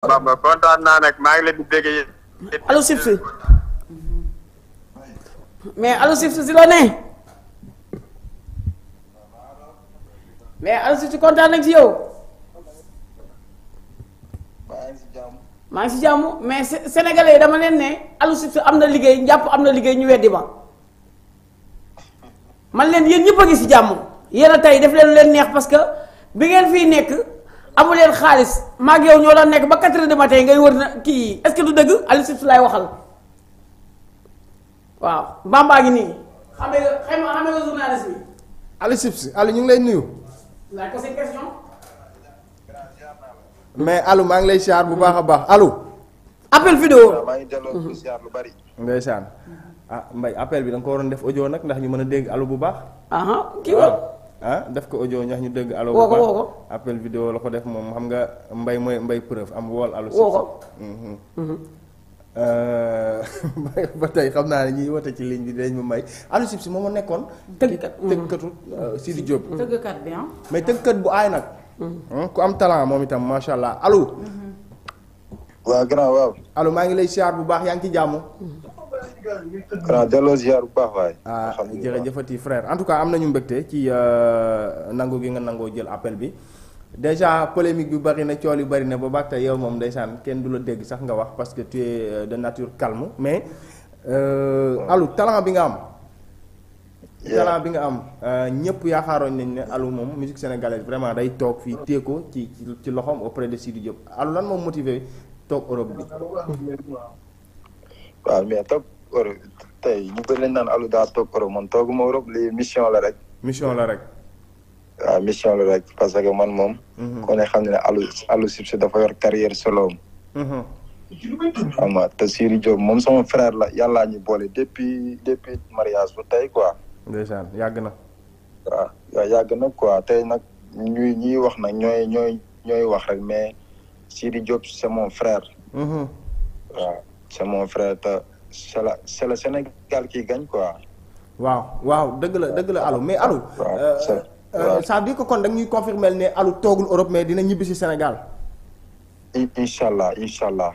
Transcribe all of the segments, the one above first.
Bamba kontaan naa nag maa ngi leen di dégg yéen. allo Sibsi mais allo Sibsi si mais allo Sibsi kontaan nañ yow. maa ngi si jàmm mais senegale yi dama leen ne allo Sibsi am na liggéey njàpp am na liggéey ñu weddi ma man leen yéen ñëpp a ngi si jàmm yéen a tey def leen leen neex parce que bi ngeen fii nekk. amu leen xaalis maag yow ñoo doon nekk ba 4 heures du matin ngay wër na kii est-ce que du dëgg Aliou Cissé laay waxal waaw bambaa ngi nii. xam nga xam nga journaliste bi. Aliou Cissé Aliou ñu ngi lay nuyu. laaj ko seen question. mais Aliou maa ngi lay siyaar bu baax a baax Aliou. appel vidéo maa ngi delloo siyaar lu bari. ndeysaan ah Mbaye appel bi da nga ko waroon def audio nag ndax ñu mën a dégg Aliou bu baax. kii waaw. ah def ko ojo ñax ñu dégg. allo woo ko woo appel vidéo la ko def moom xam nga mbay mooy mbay preuve am wool allo. woo ko mhm. Mhm. Euh, ba tey xam naa ne ñuy wote ci ligne bi dañ ma may Alou Cissé moo nekkoon. Euh, mm-hmm. tëggkat tëggkatu Sidi Diop. mais tëggkat bu aay nag. Mm-hmm. ku am talent moom itam macha allah allo. Mm-hmm. grand waaw. allo maa ngi lay siyaar bu baax yaa ngi ci jàmm. xanaa delloo ziar bu baax waay. Ah, jërëjëfati frère en tout cas am nañu mbégte ci euh, nangu gi nga nangoo jël appel bi déjà polémique bi bari na cool yu bari na ba baax tey yow moom ndeysaan kenn du la dégg sax nga wax parce que tu es euh, de nature calme mais. Euh, alu talent bi nga am. talent bi nga am ñëpp yaakaaroon nañ ne alu moom musique sénégalaise vraiment day toog fii téeko ko ci ci loxoom auprès de Sidy Diop alu lan moom motivé toog Europe bi. waaw mais toog Europe tey ñu bëri lañ naan Alou daa toog Europe man tooguma Europe lii mission la rek. mission la rek. waaw mission la rek parce que man moom. Mhm. ku a xam ne Alou Alou Cissé dafa yor carrière solo mhm. am. xam moom sama frère la yàllaa ñu boole depuis depuis mariage bu tey quoi. ndeysaan yàgg na. waaw yàgg na quoi tey nag ñuy ñuy wax nag ñooy ñooy ñooy wax rek mais Siri Diop c'est mon frère. Mhm. waaw. c'est mon frère te c'est la c'est le Sénégal quoi. waaw waaw dëgg la dëgg la alo mais Alou. waaw euh, euh, ça veut kon da ñuy confirmer ne alo toogul Europe mais dina ñibbi si Sénégal. incha allah incha allah.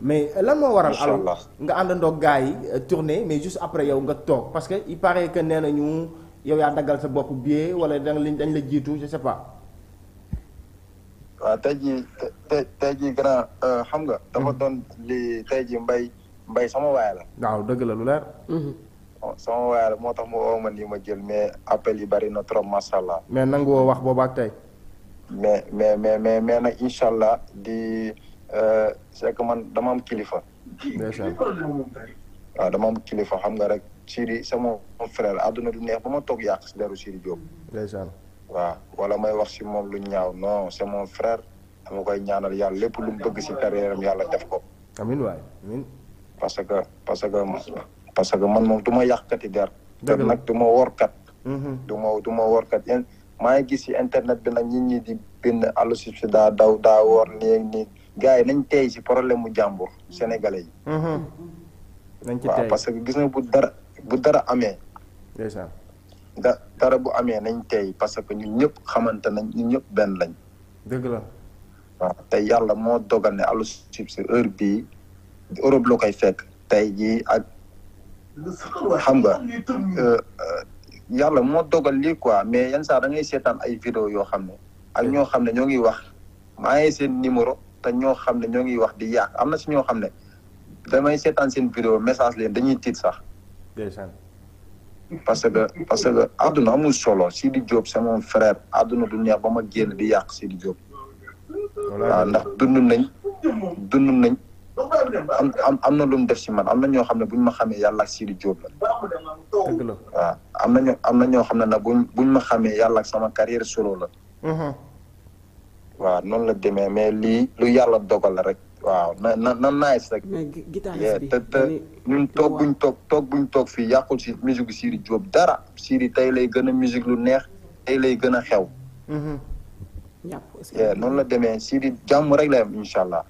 mais lan moo waral Alou nga àndandoo gars yi euh, tournée mais juste après yow nga toog parce que il paraît que nee nañu yow yaa daggal sa bopp billet wala dañ la jiitu je sais pas. waa ah, tey jii tey tey jii grand euh, xam nga. dafa hmm. doon li tey jii mbay mbay sama waay la. waaw dëgg la lu leer. Hmm. Oh, sama waay la moo tax mu woo ma ma jël mais appel yi bari na trop macha allah. mais nangu woo wax boobu ak tey. mais mais mais mais mais nag incha allah di euh, c'est que man dama am kilifa. waaw dama am kilifa xam nga rek Siri sama la àdduna du neex ba ma toog yàq si deru Siri Diop. waaw wala may wax si moom lu ñaaw no c'est mon frère dama koy ñaanal yàlla lépp lu mu bëgg si carrière yàlla def ko. amiin waay parce que parce que parce que man moom du ma yàqkati der. dëgg nag du ma workat. Mhm. du ma ma workat yéen maa ngi gis si internet bi nag nit ñi di bind Alou Cissé daa daw daa woor nii nii gars yi nañ tey si problème mu jàmbur sénégalais yi. Mhm. nañ parce que gis nga bu dara bu dara amee. da dara bu amee nañ tey parce que ñu ñëpp xamante nañ ñun ñëpp benn lañ. dëgg la. waaw te yàlla moo dogal ne Alou si heure bii Europe la koy fekk tey jii ak xam nga euh, yàlla moo dogal lii quoi mais yenn sax da ngay seetaan ay vidéo yoo xam ne ak ñoo xam ne ñoo ngiy wax maa ngi seen numéro te ñoo xam ne ñoo ngi wax di yàq am na si ñoo xam ne damay seetaan seen vidéo message leen dañuy tiit sax. parce que parce que àdduna amul solo Sidi Diop c'est mon frère àdduna du neex ba ma génn di yàq Sidi Diop. waaw ndax dund nañ dund nañ am am am na lu mu def si man am na ñoo xam ne buñ ma xamee yàlla ak Sidi Diop la. la waaw am na am na ñoo xam ne nag buñ ma xamee yàlla ak sama carrière solo la. Mhm. waaw noonu la demee mais lii lu yàlla dogal la rek. waaw na na na nice rek. guitariste bi te te ñun toog buñ toog toog buñ toog fii yàqul si musique Sidy Diop dara. Sidy tey lay gën a musique lu neex tey lay gën a xew. jàpp mm-hmm. noonu la demee Sidy jàmm rek la am allah.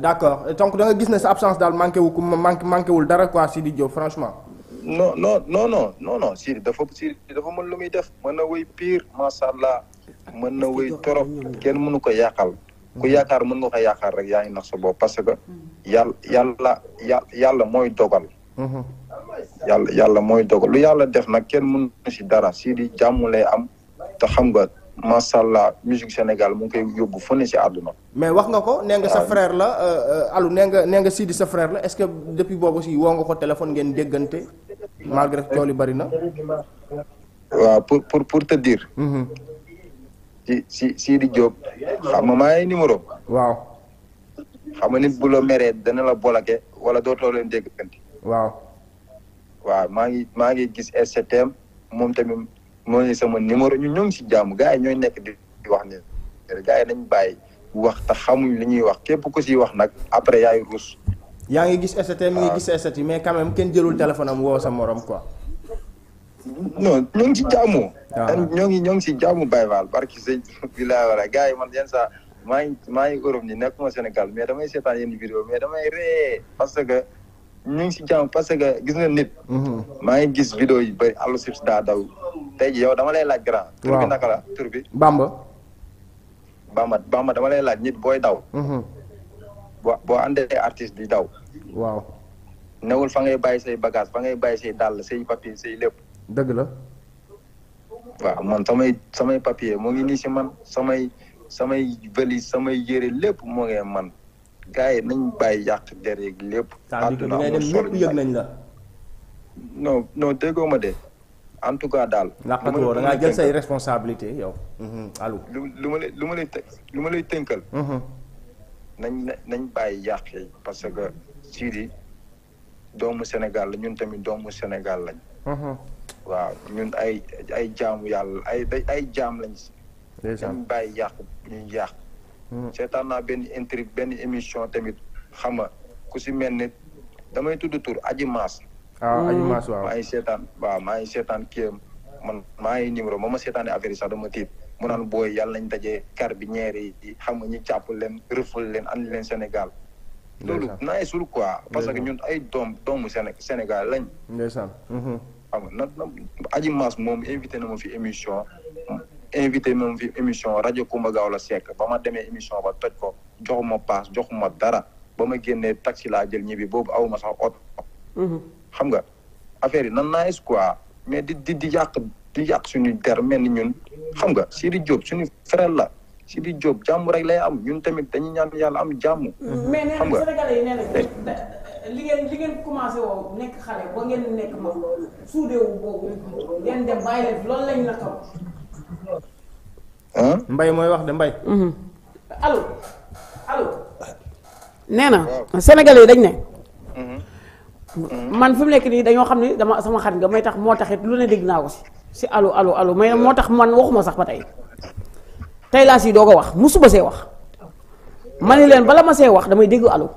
d' accord donc da gis ne sa absence daal manqué wu ko manqué manqué wul dara quoi Sidy Diop franchement. no non non non non non Sidy dafa Sidy dafa mën lu muy def mën na wéy pire macha allah mën na wéy torop kenn mënu ko yàqal. ku yaakaar mën nga ko yaakaar rek yaa ngi nax sa bopp parce que yàlla yàlla yàlla mooy dogal mhm. yàlla yàlla mooy dogal lu yàlla def nag kenn mun na si dara si di jàmm lay am te xam nga macha allah musique Sénégal mu ngi koy yóbbu fu ne si àdduna. mais wax nga ko nee nga sa ah. frère la euh, euh, Alou nee nga nee nga Sidi sa frère la est-ce que depuis boobu si woo nga ko téléphone ngeen déggante malgré tool yi bari na. pour pour pour te dire. Mhm. si si di jóob xam nga maa ngi numéro. waaw. xam nga nit bu la meree dana la bolake wala dootoo leen dégg waaw. waaw maa ngi maa ngi gis SCTM moom tamit moo ngi sama numéro ñu ñoo ngi si jàmm gars yi ñooy nekk di wax ne gars yi nañ bàyyi wax te xamuñ li ñuy wax képp ku si wax nag après yaay ruus. yaa ngi gis SCTM mi ngi gis SCTM mais quand kenn jëlul téléphone am woo sa moroom quoi. non ngi ci jàmm. ñoo ngi ñoo ngi si jàmm Baye Fall barki sëñ bi laa war a gars yi man yenn saa maa ngi maa ngi Europe ni nekkuma Sénégal mais damay seetaan yenn vidéo mais damay ree parce que ñu ngi si jàmm parce que gis na nit. Mhm. maa ngi gis vidéo yu bëri Alou Ships daa daw tey ji yow dama lay laaj grand. tur naka la tur bi. Bamba. Bamba dama lay laaj nit booy daw. boo boo àndee artiste di daw. waaw newul fa ngay bàyyi say bagage fa ngay bàyyi say dàll say papier say lépp. dëgg la. waaw man samay samay papier moo ngi nii si man samay samay valise samay yére lépp moo ngi man gars yi nañ bàyyi yàq der yeeg lépp. àdduna nañ la. non non déggoo ma de en tout cas daal. laqatoo da jël say responsabilité yow. Mhm, allo lu lu ma lay lu ma lay të lu ma lay tënkal. Mhm. nañ nañ bàyyi yàq parce que Sidi doomu Sénégal la ñun tamit doomu Sénégal lañ. Mhm. waaw ñun ay ay jaamu yàlla ay ay jaam lañ si. dañ bàyyi yàq ñu yàq. Hmm. seetaan naa benn intri benn émission tamit xam nga ku si mel ni damay tudd tur aji maas. Ah, hmm. waaw aji maas waaw. ay seetaan waaw maa ngi seetaan ki man maa ngi numéro ba ma seetaanee affaire yi sax dama tiit. mu naan booy yàlla nañ dajee carabinière yi xam nga ñu jàpp leen rëfal leen andi leen Sénégal. loolu naaye sul quoi. parce que ñun ay doom doomu Sénégal lañ. ndeysaan. Hmm, xam nga nan aji maas moom invité na ma fi émission invité na ma fi émission rajo Kumba Gawlo Seck ba ma demee émission ba toj ko joxuma paas joxuma dara ba ma génnee taxi laa jël ñibbi boobu awuma sax oto mm-hmm. xam nga affaire yi nan naagis quoi mais di di di yàq di yàq suñu der mel ni ñun xam nga si Sidi Diop suñu frère la si di Diop jàmm rek lay am ñun tamit dañu ñaan yàlla am jàmm mm-hmm. xam nga li ngeen li ngeen commencé woo nekk xale ba ngeen nekk mag suudewu boobu ngeen dem bàyyi leen loolu lañ la kaw. mbay mooy wax de mbay. Mhm. alo allo. nee na sénégalais dañ ne. Mhm. Mhm. man fi mu nekk nii dañoo xam ne dama sama xarit nga may tax moo taxit lu ne dégg naa ko si si allo allo allo may moo tax man waxuma sax ba tey tey laa si doog a wax suba see wax ma ne leen bala ma see wax damay dégg allo.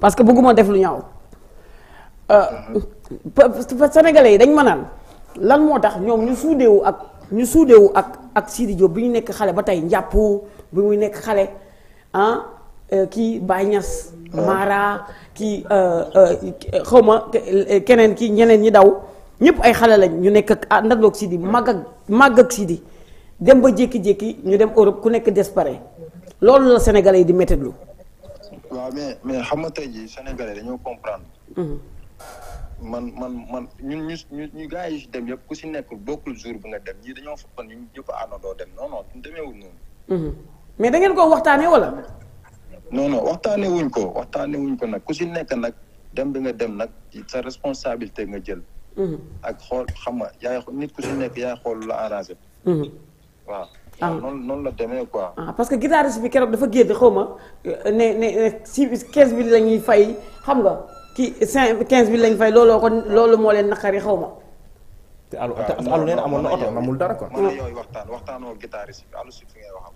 parce que bëgguma def lu ñaaw euh, euh, sénégalais yi dañ ma naan lan moo tax ñoom ñu suudeewu ak ñu suudeewu ak ak Sidi Diop bi ñu nekk xale ba tey njàpp bi muy nekk xale ah euh, kii Baye Niass ah. Mara kii xawma keneen kii ñeneen ñi daw ñëpp ay xale lañ ñu nekk ak ndandoog Sidi màgg ak màgg ak Sidi dem ba jékki-jékki ñu dem Europe ku nekk désespéré loolu la sénégalais yi di méttitlu mais mais xam nga tey jii Sénégalais dañoo comprendre. Mhm. man man man ñun ñu ñu ñu gars yi dem yëpp ku si nekk bokkul jour bu nga dem ñii dañoo fokkoon ñu ñëpp a àndandoo dem non non ñu demeewul noonu. Mhm. mais da ngeen ko waxtaanee wala. non waxtaanee wuñ ko waxtaanee wuñ ko nag ku si nekk nag dem bi nga dem nag sa responsabilité nga jël. Mhm. ak xool xam nga yaay nit ku si nekk yaay xoolu la arrangé. waaw. ah noonu noonu la demee quoi. Ah, parce que guitariste bi keroog dafa génn xaw ma ne ne si 15 000 la fay xam nga ki cinq 15 000 la ñuy fay looloo ko loolu moo leen naqari xaw ma. te alu ah, te alu neen amoon na oto amul dara quoi. man yooyu waxtaan waxtaanoo guitariste bi alu si fi ngay wax.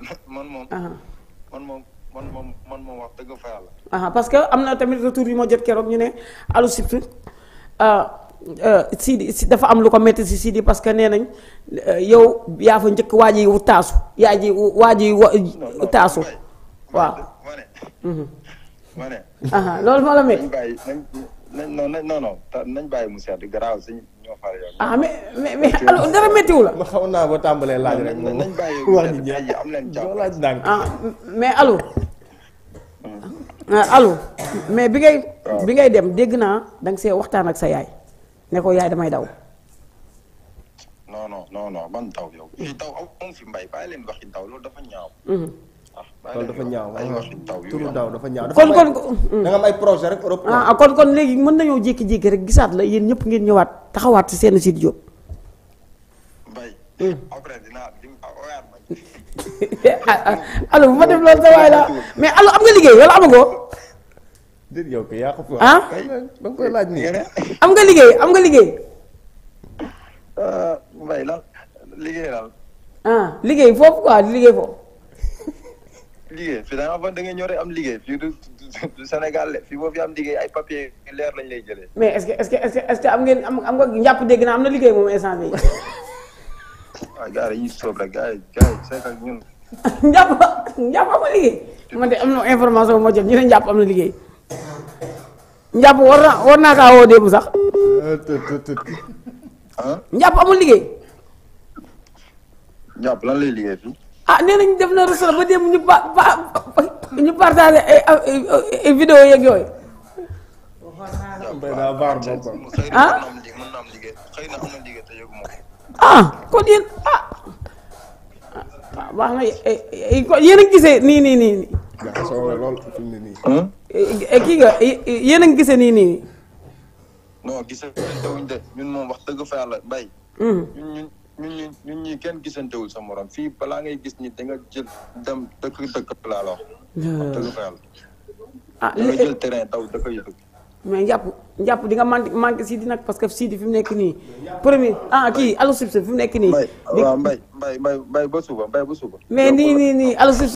man moom. Ah. man moom. man moom man moom wax dëgg fa yàlla. parce que am na tamit retour yi ma jot keroog ñu ne Alou Shift Euh, Sidi si dafa am lu ko métti si Sidi parce que nee nañ euh, yow yaa fa njëkk waa ji wu taasu yaa ji waa ji wu taasu waaw. ma mhm. loolu moo la métti. nañ bàyyi mu sedd garaaw si ñoo far yow. Ah, mais mais mais la. ma xamoon naa ba tàmbalee laaj rek. nañ bàyyi mu sedd am leen jàmm laaj ndànk ah mais hmm. ah, bi ngay. bi ngay dem dégg naa da nga see waxtaan ak sa yaay. ne ko yaay damay daw. non non non non man daw yow. Eh, daw amu fi mbay bàyyi leen waxi daw loolu dafa ñaaw. Mhm. Ah, loolu dafa ñaaw ay taw turu daw dafa ñaaw. kon kon da nga am ay ah, ah, kon kon léegi mën nañoo jékki-jékki rek gisaat la yéen ñëpp ngeen ñëwaat taxawaat si seen Sidy Diop. Mbaye. Mm. après dinaa ma def loolu sa waay la yow ko yaa ko fi ah ba nga koy laaj nii am nga liggéey am nga liggéey. Euh, mbay la liggéey la. ah liggéey foofu quoi liggéey foofu. liggéey fii da nga da am liggéey fii du Sénégal fii boo fi am liggéey ay papier leer lañ lay jëlee. mais est-ce que est-ce que am ngeen am am nga njàpp dégg naa am na liggéey moom instant bii. waaw ah, gars yi dañuy sóob rek am na liggéey. moo jëm ñu ne am na liggéey. njàpp war na war naa kaa woo démb sax. njàpp amul liggéey. njàpp lan lay liggéey fii. ah nee nañ def na restaurant ba démb ñu pa ay vidéo yeeg yooyu. ah. ah kon yéen ah. waaw ah, a gisee nii nii nii. Eh, kii nga eh, eh, yéen a ngi gisee nii nii. non gisante wuñ de ñun moom wax dëgg fa yàlla bay. Hmm. ñun ñun ñun ñun ñii kenn gisante wul sa morom fii balaa ngay gis ni da nga jël dem dëkk dëkk laa la wax. Hmm. wax dëgg fa yàlla. ah taw dëkk yi dëkk. mais njàpp njàpp di nga manqué manqué di nag parce que Sidi fi mu nekk nii. premier ah kii Alou Ships fi nekk nii. mbay waaw mbay mbay mbay ba suba mbay ba suba. mais nii nii nii Alou